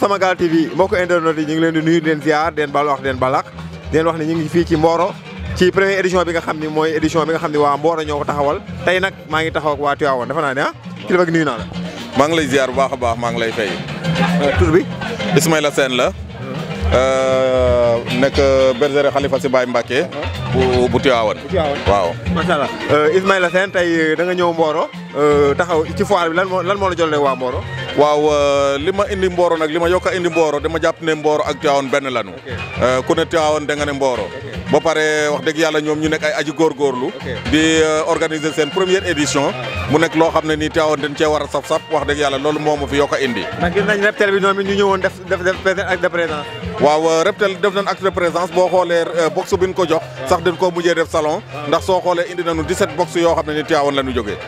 sama Gal TV mbokku internet yi ñu ngi leen di nuyu di leen ziar di leen bal wax di balak di leen wax ne ñu ngi ci ci première édition bi nga xam ni mooy édition bi nga xam ni waa Mboro ñoo ko taxawal tey nag maa ngi taxaw ak waa Tivaouane defe naa ne ah kilifa gi nuyu naa maa ngi lay ziar bu baax a baax maa ngi lay fay euh, tur bi Ismaïla Sène la euh, nekk euh, bergerie Khalifa si baay Mbacké bu bu Tivaouane waaw macha allah Ismaïla Sène tey danga ñëw mbooro taxaw ci foire bi lan moo lan moo la jollee waa Mboro waaw euh, li ma indi mbooro nag li ma yokk indi Mboro dema jàpp ne Mboro ak Tivaouane benn lanu euh, ku ne Tivaouane da nga ne Mboro ba pare wax dëgg yàlla ñoom ñu nekk ay aji góorgóorlu di euh, organiser seen première édition ah. mu nekk loo xam ne ni Tivaouane dañ cee war a saf-saf wax dëgg yàlla loolu moo ma fi yokk a indi ndax gis nañ def def def acte waaw Reptel def nañ acte de présence boo xoolee box bi ko jox ah. sax dañ koo mujjee def salon ah. ndax soo xoolee indi nañu 17 box yoo xam ne ni Tivaouane la ñu jógee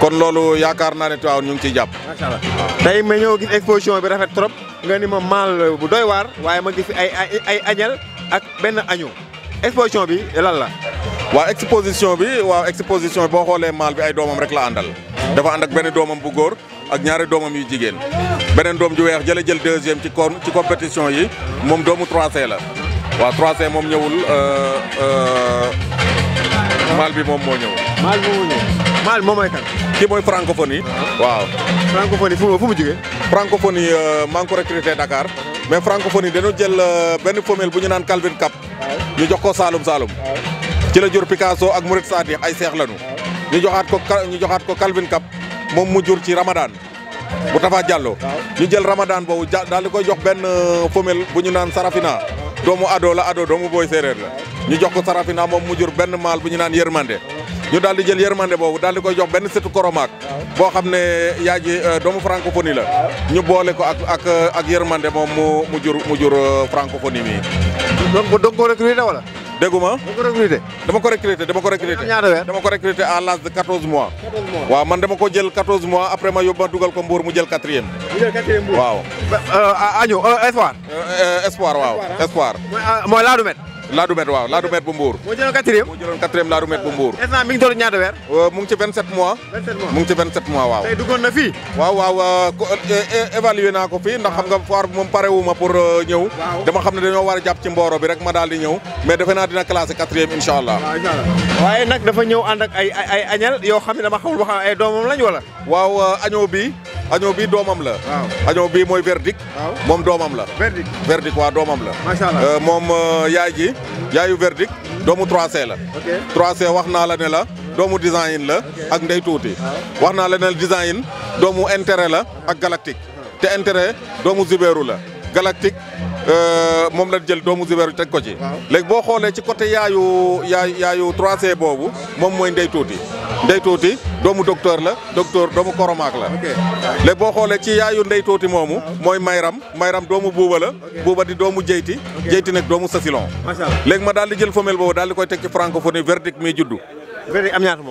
kon loolu yaakaar naa ne Tivaouane ñu ngi ciy jàpp tey ma ñëw gis exposition bi rafet trop nga ni ma maal bu doy waar waaye ma gis fi ay ay añel ak benn añu exposition bi lan la. waa exposition bi waaw exposition boo xoolee maal bi ay doomam rek la àndal. dafa ànd ak benn doomam bu góor ak ñaari doomam yu jigéen beneen doom ju weex jële jël deuxième ci con ci compétition yi moom doomu 3C la waa 3C moom ñëwul euh, euh, maal bi moom moo ñëw. maal bi moo ñëw. Mal moom mooy kan. ki moy francophonie. Uh-huh. waaw francophonie fu mu jige francophonie euh, maa ngi ko recruter Dakar. Uh-huh. mais francophonie dañu jël euh, ben femelle bu ñu naan Calvin Cap. Uh-huh. ñu jox ko salum salum ci la jur Picasso ak Mourid sadi ay cheikh lañu. ñu joxat ko ñu joxat ko Calvin Cap mom mu jur ci Ramadan. bu Tafa Diallo. ñu jël Ramadan bo dal di koy jox ben euh, femelle bu ñu Sarafina. doomu Ado la Ado doomu boy serer. la. ñu jox ko Sarafina mom mu jur ben mal bu ñu naan ñu daal di jël yërmande boobu daal di koy jox benn sëtu koromaak boo xam ne yaa ji euh, doomu francophonie la ñu boole ko ak ak ak yërmande moom mu mu jur mu jur euh, francophonie mi donc donc koo recruté wala dégguma dama ko recruté dama ko recruté dama ko recruté dama ko recruté à l'âge de 14 mois waaw man dama ko jël 14 mois après ma yóbbu ma dugal ko Mbour mu jël quatrième waaw año euh, espoir espoir waaw espoir mooy laa du met Ladoumète waaw Ladoumète bu Mbour. moo jëloon quatrième moo jëloon bu Mbour. instant mi ngi toll euh, mu ngi ci 27 mois. mu ngi ci 27 mois waaw. tey duggoon na fii. waaw waaw euh, euh, évalué naa ko fii ndax xam nga foire bi moom pare wu ma pour ñëw. dama xam ne dañoo war a jàpp ci mbooro bi rek ma daal di ñëw. mais defe naa dina classé quatrième incha allah. waaye nag dafa ñëw ànd ak ay ay añal yoo xam ne dama xamul wax ay doomam lañ wala. waaw añoo bi añoo bii doomam la. waaw añoo bii mooy verdict. moom doomam la. verdict verdict waa doomam la. Euh, moom euh, yaay ji yaayu verdict mm-hmm. doomu 3C la. ok 3C wax naa la ne la. doomu design la ak ndey tuuti. wax naa la ne design doomu intérêt la ak galactique. Uh-huh. te intérêt doomu zubéeru la galactique. Euh, moom lañ jël doomu Zubairu teg ko ci. léegi boo xoolee ci côté yaayu yaayu yaayu 3C boobu moom mooy ndey tuuti ndey tuuti doomu docteur la docteur doomu koromaak la. léegi boo xoolee ci yaayu ndey tuuti moomu mooy Mayram Mayram doomu buuba la buuba di doomu jeyti jeyti nag doomu Sasilon. macha allah léegi ma daal di jël femelle boobu daal di koy teg ci francophonie verdict mi juddu. verdict am ñaata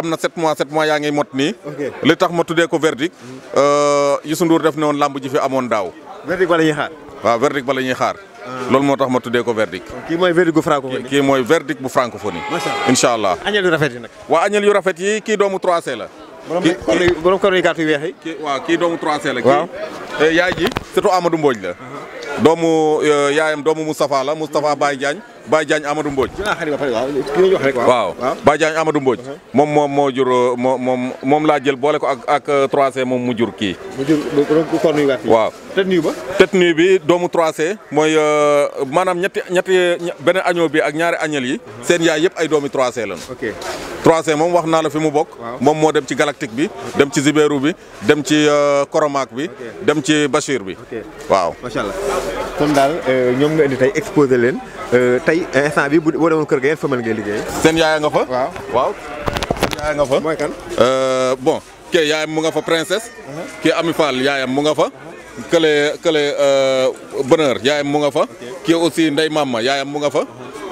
mois. na 7 mois 7 mois yaa ngi mot nii. li tax ma tuddee ko verdict mm. euh, Youssou Ndour def ne woon làmb ji fi amoon daaw. waaw verdict ba la ñuy xaar. Ah. loolu moo tax ma tuddee ko verdict. kii mooy verdict bu francophonie. kii mooy verdict bu francophonie. macha allah incha allah. yu rafet yi nag. waa añal yu rafet yi kii doomu 3C la. kii kii borom kër yi gàtt yu weex yi. kii waaw doomu 3 la. waaw eh, yaay ji surtout Amadou Mbodj la. Uh-huh. doomu eh, yaayam doomu Moustapha la Moustapha Baye Diagne. Baye Diagne Amadou Mbodj. waaw Baye Diagne Amadou Mbodj. moom uh-huh. moom moo jur moom moom moom laa jël boole ko ak ak 3C euh, moom mu jur kii. mu jur waaw tët ba. tët bi doomu 3C mooy euh, maanaam ñetti ñetti benn añoo bi ak ñaari añal yi. Uh-huh. seen yaay yëpp ay doomi 3C lan. ok 3 moom wax naa fi mu bokk. moom moo dem ci galactique bi. dem ci Zibéru bi dem ci Koromaak euh, bi. dem ci Bachir bi. waaw macha kon daal euh, ñoom nga indi tey exposé leen euh, tey euh, instant bi bu boo demoon kër ga yan femelle ngay liggéey. seen yaaya nga fa. waaw waaw. seen yaaya nga fa mooy kan. bon kii yaayam mu nga fa princesse. Uh-huh. kii Ami Fall yaayam mu nga fa. kële kële bonheur yaayam mu nga fa. kii aussi Ndey Mama yaayam mu nga fa. Uh-huh.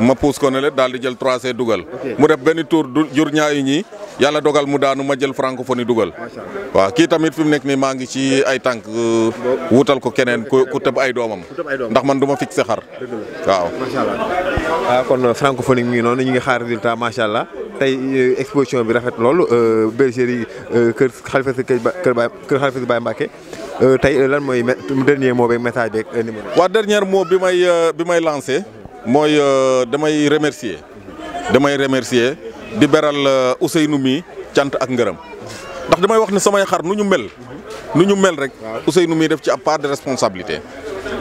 ma puus ko ne le daal di jël 3 dugal. mu def benn tour du jur ñaayu ñii yàlla dogal mu daanu ma jël francophonie dugal. waaw kii tamit fi mu nekk nii maa ngi ci ay tànk euh, wutal ko keneen ku ku tëb ay doomam. ndax man du ma fixé xar. waaw macha allah ah, kon francophonie mi ngi noonu ñu ngi xaar résultat macha allah tey euh, exposition bi rafet lool euh, bergerie kër xalifa si kër Baye kër xalifa si tey lan mooy dernier mot beeg message beeg numéro. waa dernier mot bi may bi may lancé. moy euh, damay remercier damay remercier di beral euh, Ousseynou mi tiant ak ngeureum ndax damay wax ni samay xar nu ñu mel nu ñu mel rek Ousseynou mi def ci ab part de responsabilité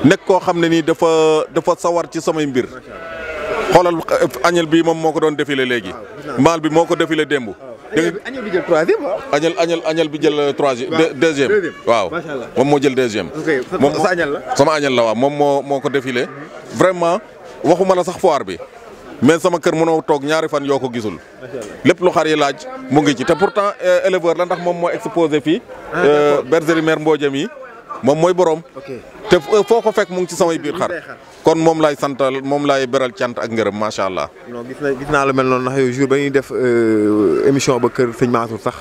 nek ko xamné ni dafa dafa sawar ci samay mbir xolal euh, agnel bi mom moko ko doon défilé léegi maal bi moko ko défilé démb ah, añel bi jël 3e Agnel Agnel Agnel bi jël 3e 2e waaw moom moo jël deuxième moom sama agnel la waaw moom moo moo ko défilé vraiment waxuma la sax foire bi mais sama kër mënoo toog ñaari fan yoo ko gisul lépp lu xar yi laaj mu ngi ci te pourtant euh, éleveur la ndax moom moo exposé fii ah, euh, bergerie mère Mbodiam yi moom mooy borom te euh, foo ko fek mu ngi ci samay biir xar kon moom laay santal moom lay beral cant ak ngërëm macha allah. non gis naa gis naa lu mel noon ndax yow jour ba ñuy def émission ba kër sëñ Mansour sax.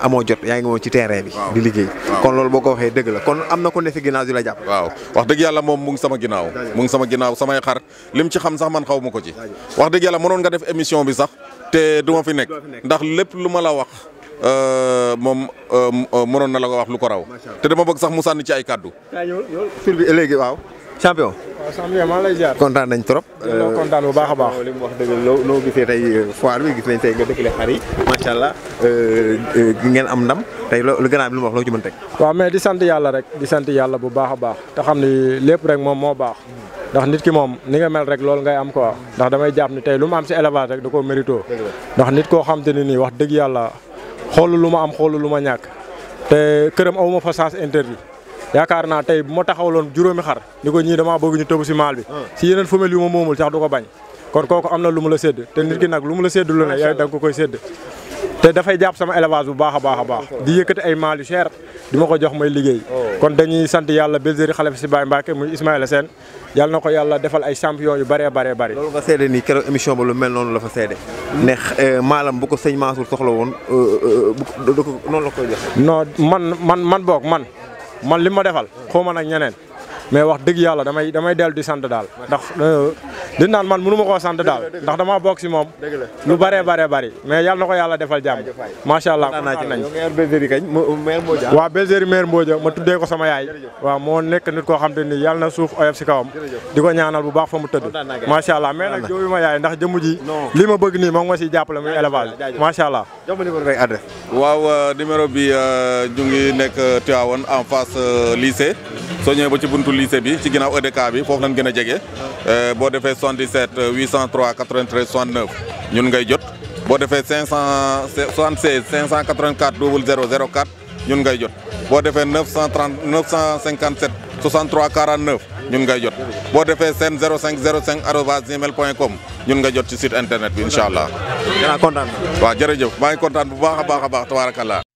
amoo jot yaa ngi woon ci terrain bi. di liggéey kon loolu boo ko waxee dëgg la kon am na ko ne si ginnaaw di la jàpp. waaw wax dëgg yàlla moom mu sama ginnaaw. mu ngi sama ginnaaw samay xar lim ci xam sax man xaw ma ko ci. wax dëgg yàlla mënoon nga def émission bi sax te du ma fi nekk ndax lépp lu ma la wax. Euh, moom euh, euh, mënoon na la ko wax lu ko raw te dama bëgg sax mu sànni ci ay kàddu. waaw. champion. waaw champion lay jaar. kontaan nañ trop. loolu euh, kontaan bu baax a baax. li mu wax dëgg loo loo gisee tey euh, foire bi gis nañ tey nga dëkkale xar yi macha allah euh, ngeen am ndam tey loo lu gannaaw bi lu mu wax loo ci mën teg. waaw mais di sant yàlla rek di sant yàlla bu baax a baax te xam ni lépp rek moom moo baax. ndax nit ki moom ni nga mel rek loolu ngay am quoi ndax damay jàpp ni tey lu ma am si élevage rek da koo mérito ndax nit koo xam te ne nii wax dëgg yàlla xoolu lu ma am xoolu lu ma ñàkk te këram awuma fa sens interdit yaakaar naa tey bu ma taxawloon juróomi xar ko ñii damaa bëgg ñu tëb si maal bi hmm. si yeneen femelle yu ma moomul sax du ko bañ kon kooku am na lu mu la sédd te nit ki nag lu mu la sédd lu ne yaay ko koy sédd te dafay jàpp sama élevage bu baax a baax a baax di yëkkati ay maal yu cher di ma ko jox may liggéey oh. kon dañuy sant yàlla bergerie Xalifa si Baye Mbacke muy Ismaïla Sène yàlla na ko yàlla defal ay champion yu bëree bëree bëri loolu nga seede nii keroog émission ba lu mel noonu la fa seede ne eh, maalam bu ko sëñ Mansour soxla woon euh, euh, euh, bu noonu la koy jox non man man man boog man man li ma defal xaw man nag ñeneen. mais wax dëgg yàlla damay damay dellu di sant daal ndax euh, di naan man mënu ma koo sant daal ndax dama bokk si moom lu bëree bëree bëri mais yàlla na ko yàlla defal jàmm macha allah nañ waaw bergerie mère Mbodja ma tuddee ko sama yaay waaw moo nekk nit koo xam te ni yàlla na suuf oyof si kawam di ko ñaanal bu baax fa mu tëdd macha allah mais nag jooyu ma yaay ndax jëmm ji li ma bëgg nii moom ma siy jàppale muy élevage macha allah waaw numéro bi euh, euh, ñu ngi nekk Tivaouane en face lycée soo ñëwee ba ci buntu lycée bi ci ginnaaw EDK bi foofu lañ gën a jege. Euh, boo defee 77 803 93 69 ñun ngay jot. boo defee 576 584 0004 ñun ngay jot. boo defee 930 957 63 49 ñun ngay jot. boo defee seen 0505 arobase gmail point com ñun nga jot ci site internet bi incha allah. dinaa kontaan. waaw jërëjëf maa ngi kontaan bu baax a baax a baax tabaarakallaa